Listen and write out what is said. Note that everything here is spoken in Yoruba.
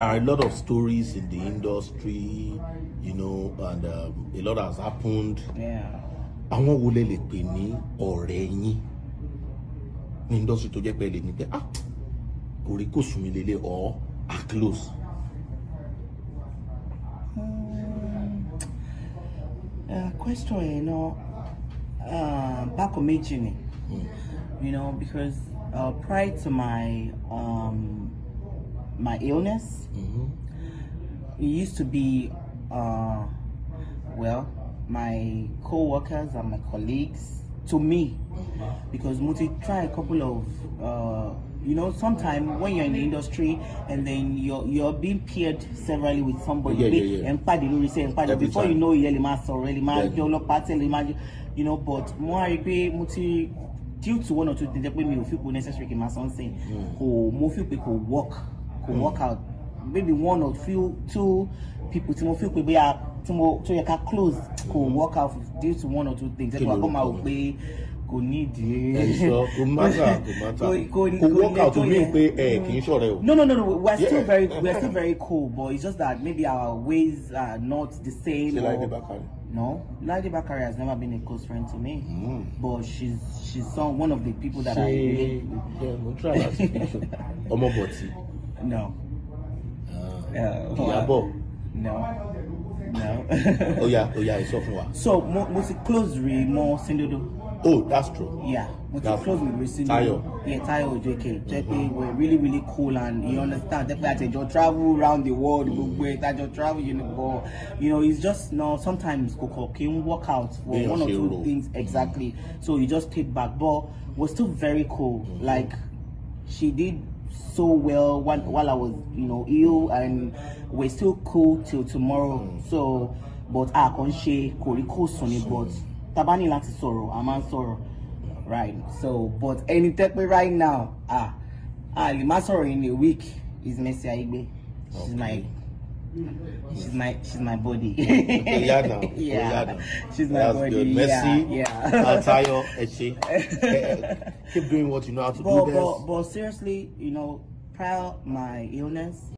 are a lot of stories in the industry you know and um, a lot has happened àwọn wo lè lè pè ní ọ̀rẹ́ yín ní industry tó jẹ́ pé lè ní pé ah kò rí kò sùn mí lélẹ̀ or are close. Hmm. Uh, question yẹn náà bákan méjì ni you know because uh, prior to my um, my illness. Mm-hmm. It used to be, uh, well, my co-workers and my colleagues to me, mm-hmm. because Muti try a couple of. Uh, you know, sometimes when you're in the industry and then you're you're being paired severally with somebody, yeah, yeah, yeah. and pad and before time. you know you're lima sorry, lima yolo you know. But more I pay muti due to one or two things that we feel necessary. My son saying, for more people work. kò work out maybe one or few two people tí mo fi pé bóyá tí mo To yẹ ká close kò work out due to one or two things ẹ kò wá kó máa wò pé kò ní ìdí. E. ẹ sọ kò mátà kò mátà work out mi pé ẹ kì í ṣọ̀rẹ́ o. no no no no we are still very we are still very cool but it's just that maybe our ways are not the same. ṣe no Ladi Bakari has never been a close friend to me mm. but she's she's some one of the people that she, I. ṣe ọmọ bọ̀tì. No. Uh, Ìyábọ̀. No. No. Oh yeah! Oh yeah! ìsọ fún what? So more mo ti close re mọ Síndodo. Oh that's true. Yeah More ti close re Síndodo. Tayo. Yeah Tayo Ojoke jẹ́ pé mm-hmm. Were really really cool and you understand jẹ́ I just travel around the world mm. gbogbo ẹ̀ tàjọ́ travel you know but you know it's just now sometimes kòkò kì work out for Beyan one or two ro. things mm-hmm. exactly so you just take back but was still very cool mm -hmm. like she did so well while, while I was, you know, ill and we're still cool till tomorrow. Mm. So, but a kàn ṣe kòríkòsùn ni, but tabani a sorrow, ní láti sọ̀rọ̀, Right. So, but any take me right now, ah, a lè má in a week is Mercy Aigbe. She's okay. my She's my she's my body. yeah. She's my That's body. Good. Messi. Yeah. yeah. Echi. Keep doing what you know how to but, do. But, but seriously, you know, prior my illness,